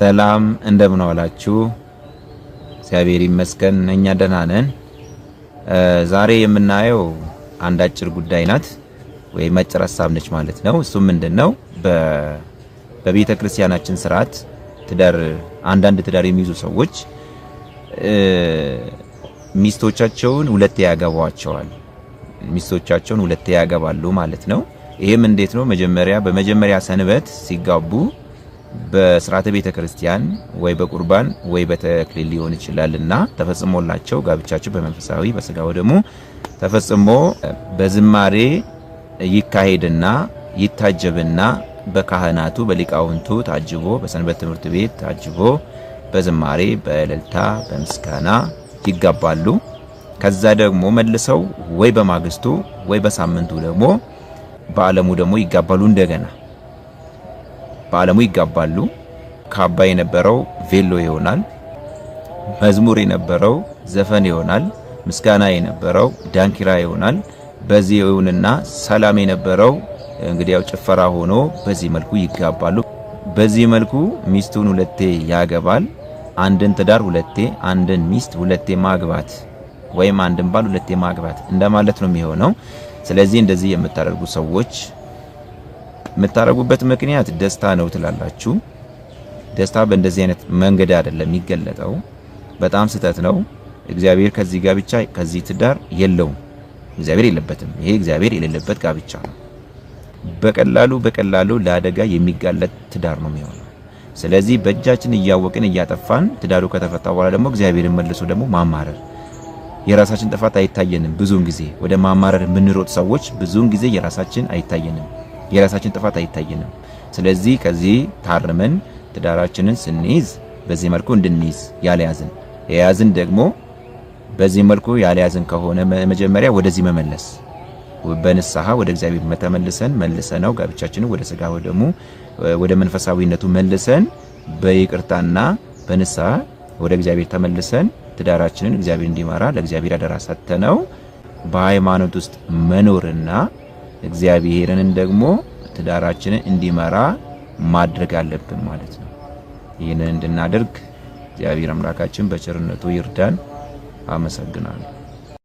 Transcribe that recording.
ሰላም እንደምን ዋላችሁ? እግዚአብሔር ይመስገን እኛ ደህና ነን። ዛሬ የምናየው አንድ አጭር ጉዳይ ናት ወይም አጭር ሀሳብ ነች ማለት ነው። እሱም ምንድን ነው? በቤተ ክርስቲያናችን ስርዓት ትዳር አንዳንድ ትዳር የሚይዙ ሰዎች ሚስቶቻቸውን ሁለቴ ያገቧቸዋል። ሚስቶቻቸውን ሁለቴ ያገባሉ ማለት ነው። ይህም እንዴት ነው? መጀመሪያ በመጀመሪያ ሰንበት ሲጋቡ በስርዓተ ቤተ ክርስቲያን ወይ በቁርባን ወይ በተክሊል ሊሆን ይችላል እና ተፈጽሞላቸው ጋብቻቸው በመንፈሳዊ በስጋ ወደሙ ተፈጽሞ በዝማሬ ይካሄድና ይታጀብና በካህናቱ በሊቃውንቱ ታጅቦ በሰንበት ትምህርት ቤት ታጅቦ በዝማሬ በእልልታ በምስጋና ይጋባሉ። ከዛ ደግሞ መልሰው ወይ በማግስቱ ወይ በሳምንቱ ደግሞ በዓለሙ ደግሞ ይጋባሉ እንደገና በዓለሙ ይጋባሉ። ካባ የነበረው ቬሎ ይሆናል። መዝሙር የነበረው ዘፈን ይሆናል። ምስጋና የነበረው ዳንኪራ ይሆናል። በዚህ ይሁንና ሰላም የነበረው እንግዲህ ያው ጭፈራ ሆኖ በዚህ መልኩ ይጋባሉ። በዚህ መልኩ ሚስቱን ሁለቴ ያገባል። አንድን ትዳር ሁለቴ፣ አንድን ሚስት ሁለቴ ማግባት ወይም አንድን ባል ሁለቴ ማግባት እንደማለት ነው የሚሆነው። ስለዚህ እንደዚህ የምታደርጉ ሰዎች የምታደርጉበት ምክንያት ደስታ ነው ትላላችሁ። ደስታ በእንደዚህ አይነት መንገድ አይደለም የሚገለጠው። በጣም ስህተት ነው። እግዚአብሔር ከዚህ ጋብቻ ከዚህ ትዳር የለውም። እግዚአብሔር የለበትም። ይሄ እግዚአብሔር የሌለበት ጋብቻ ነው። በቀላሉ በቀላሉ ለአደጋ የሚጋለጥ ትዳር ነው የሚሆነው። ስለዚህ በእጃችን እያወቅን እያጠፋን ትዳሩ ከተፈታ በኋላ ደግሞ እግዚአብሔርን መልሶ ደግሞ ማማረር የራሳችን ጥፋት አይታየንም። ብዙውን ጊዜ ወደ ማማረር የምንሮጥ ሰዎች ብዙውን ጊዜ የራሳችን አይታየንም። የራሳችን ጥፋት አይታየንም። ስለዚህ ከዚህ ታርመን ትዳራችንን ስንይዝ በዚህ መልኩ እንድንይዝ ያለያዝን የያዝን ደግሞ በዚህ መልኩ ያለያዝን ከሆነ መጀመሪያ ወደዚህ መመለስ በንስሐ ወደ እግዚአብሔር መተመልሰን መልሰነው ጋብቻችንን ወደ ስጋ ወደሙ ወደ መንፈሳዊነቱ መልሰን በይቅርታና በንስሐ ወደ እግዚአብሔር ተመልሰን ትዳራችንን እግዚአብሔር እንዲመራ ለእግዚአብሔር አደራ ሰጥተነው በሃይማኖት ውስጥ መኖርና እግዚአብሔርንን ደግሞ ትዳራችንን እንዲመራ ማድረግ አለብን ማለት ነው። ይህንን እንድናደርግ እግዚአብሔር አምላካችን በቸርነቱ ይርዳን። አመሰግናለሁ።